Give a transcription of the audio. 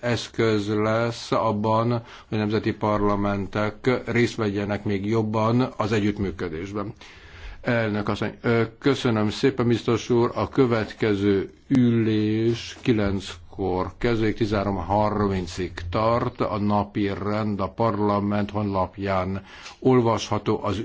eszköz lesz abban, hogy nemzeti parlamentek részt vegyenek még jobban az együttműködésben. Elnök asszony, köszönöm szépen, biztos úr, a következő ülés 9-kor kezdődik, 13.30-ig tart, a napi rend a parlament honlapján olvasható az